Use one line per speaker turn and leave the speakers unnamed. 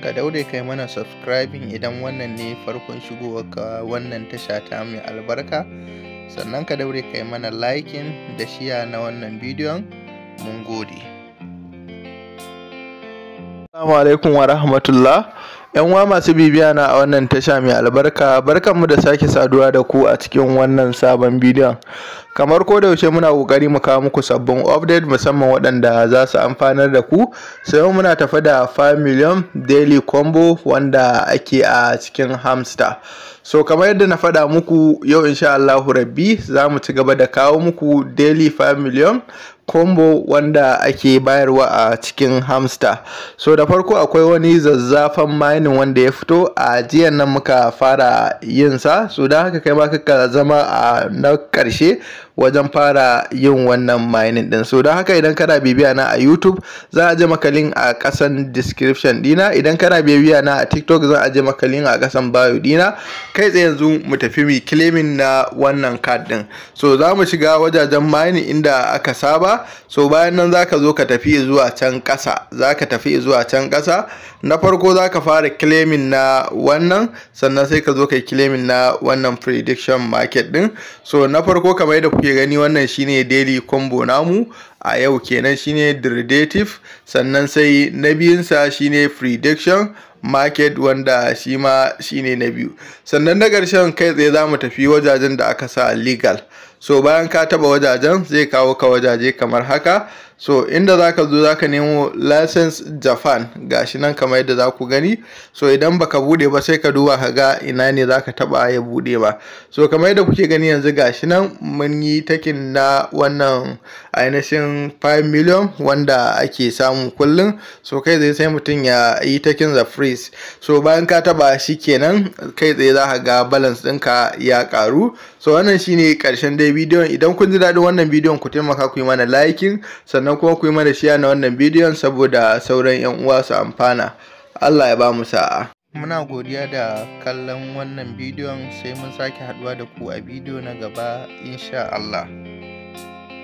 ka daure kai mana subscribing idan wannan ne farkon ka wannan tasha ta mai albarka sannan ka daure kai mana liking da shiya na wannan bidiyon mun gode Assalamu alaikum wa rahmatullah. ‘Yan uwa masu bibiya na a wannan tasha mai albarka, barkan mu da sake saduwa da ku a cikin wannan sabon bidiyon. Kamar ko da yaushe muna kokari mu kawo muku sabbin update musamman waɗanda za su amfanar da ku. Sai muna tafi da 5 million daily combo wanda ake a cikin hamster. So kamar yadda na faɗa muku yau insha Allahu rabbi za mu ci gaba da kawo muku daily 5 combo wanda ake bayarwa a cikin hamster so da farko akwai wani zazzafan mining wanda ya fito a jiyan nan muka fara yinsa so da haka kai ma kaka zama a na karshe wajen fara yin wannan mining din so don haka idan kana bibiya na a youtube za a je maka link a kasan description dina idan kana bibiya na a tiktok za a je maka link a kasan bio dina kai tsaye yanzu mu tafi mi claimin na wannan card din so za mu shiga wajajen mining inda aka saba so bayan nan za ka zo ka tafi zuwa can kasa za ka tafi zuwa can kasa na farko za ka fara claimin na wannan sannan sai ka zo ka yi claimin na wannan prediction market din so na farko kamar yadda kuke kuke gani wannan shine daily combo namu a yau kenan shine derivative sannan sai na biyunsa shine prediction market wanda shi ma shine na biyu sannan na ƙarshen kai tsaye za mu tafi wajajen da aka sa legal so bayan ka taba wajajen zai kawo ka wajaje kamar haka so inda za ka zo za ka nemo license japan gashi nan kamar yadda za ku gani so idan baka bude ba sai ka duba ka ga ina ne za ka taba ya bude ba so kamar yadda kuke gani yanzu gashi nan mun yi takin na wannan ainihin 5 million wanda ake samu kullum so kai zai sai mutum ya yi takin the free calories so bayan ka taba shi kenan kai tsaye za ka ga balance ɗinka ya karu so wannan shine karshen dai bidiyon idan kun ji daɗin wannan bidiyon ku taimaka ku yi mana liking sannan kuma ku yi mana shiya na wannan bidiyon saboda sauran yan uwa su amfana Allah ya ba mu sa'a muna godiya da kallon wannan bidiyon sai mun sake haduwa da ku a bidiyo na gaba insha Allah